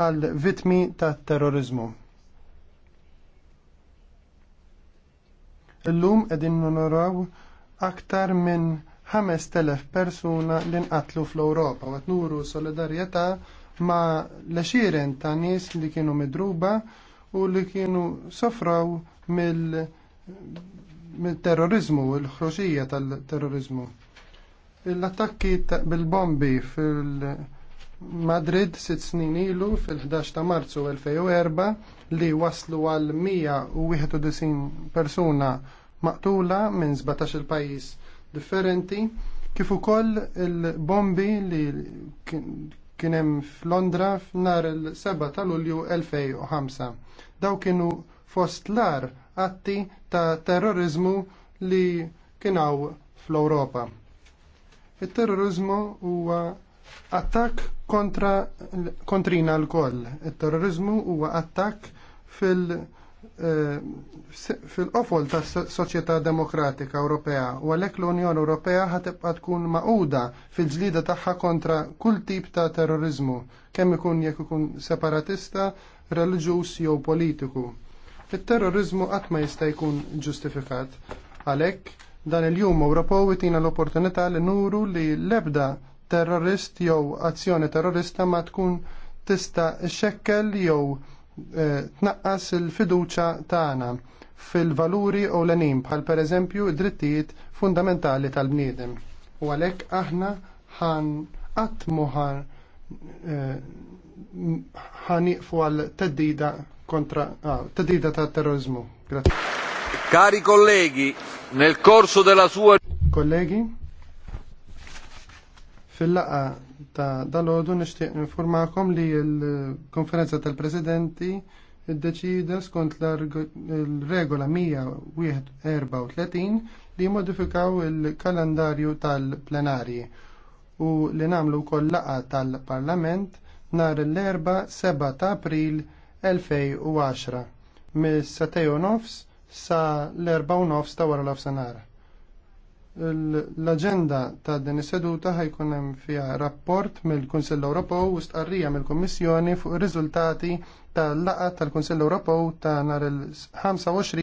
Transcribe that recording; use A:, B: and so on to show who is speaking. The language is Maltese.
A: għal vitmi ta' terrorizmu. Illum edin nonoraw aktar minn 5.000 persuna li nqatlu fl-Europa u nuru solidarjetà ma l-xiren ta' nies li kienu midruba u li kienu sofraw mill mil terrorizmu l-ħroġija tal-terrorizmu. L-attakki bil-bombi fil- Madrid sitt snin ilu fil-11 ta' Marzu 2004 li waslu għal 191 persuna maqtula minn 17 pajis differenti kif ukoll il-bombi li kien hemm f'Londra f'nar il-7 ta' Lulju 2005. Daw kienu fost lar atti ta' terrorizmu li kienaw fl-Ewropa. Il-terrorizmu huwa attak kontra kontrina l-koll. Il-terrorizmu huwa attak fil- eh, fil-qofol ta' soċjetà demokratika Ewropea u għalhekk l-Unjoni Ewropea tibqa' tkun maquda fil-ġlida tagħha kontra kull tip ta' terrorizmu, kemm ikun jekk ikun separatista, reliġjuż jew politiku. Il-terrorizmu qatt ma jista' jkun ġustifikat. Għalhekk dan il-jum Ewropew itina l-opportunità li nuru li l-ebda terrorist jew azzjoni terrorista ma tkun tista' xekkel jew eh, tnaqqas il-fiduċa tagħna fil-valuri u l bħal pereżempju drittijiet fundamentali tal-bniedem. U għalhekk aħna ħan qatt muħar eh, ħaniqfu għal teddida kontra ah, teddida ta' terrorizmu. Cari colleghi, nel corso della sua Colleghi Fil-laqa ta' dal-ħodu nishtiq informakom li l-konferenza tal-presidenti id-deċida skont l-regola 134 li modifikaw il-kalendarju tal-plenarji u li namlu kol laqa tal-parlament nar l-erba 7 ta' april 2010 mis-satejo nofs sa l 4 u nofs ta' wara l-ofsenar. L-agenda ta' din is-seduta ħajkun hemm fiha rapport mill-Kunsell Ewropew u stqarrija mill-Kummissjoni fuq ir-riżultati tal-laqgħa tal-Kunsell Ewropew ta' nhar il-25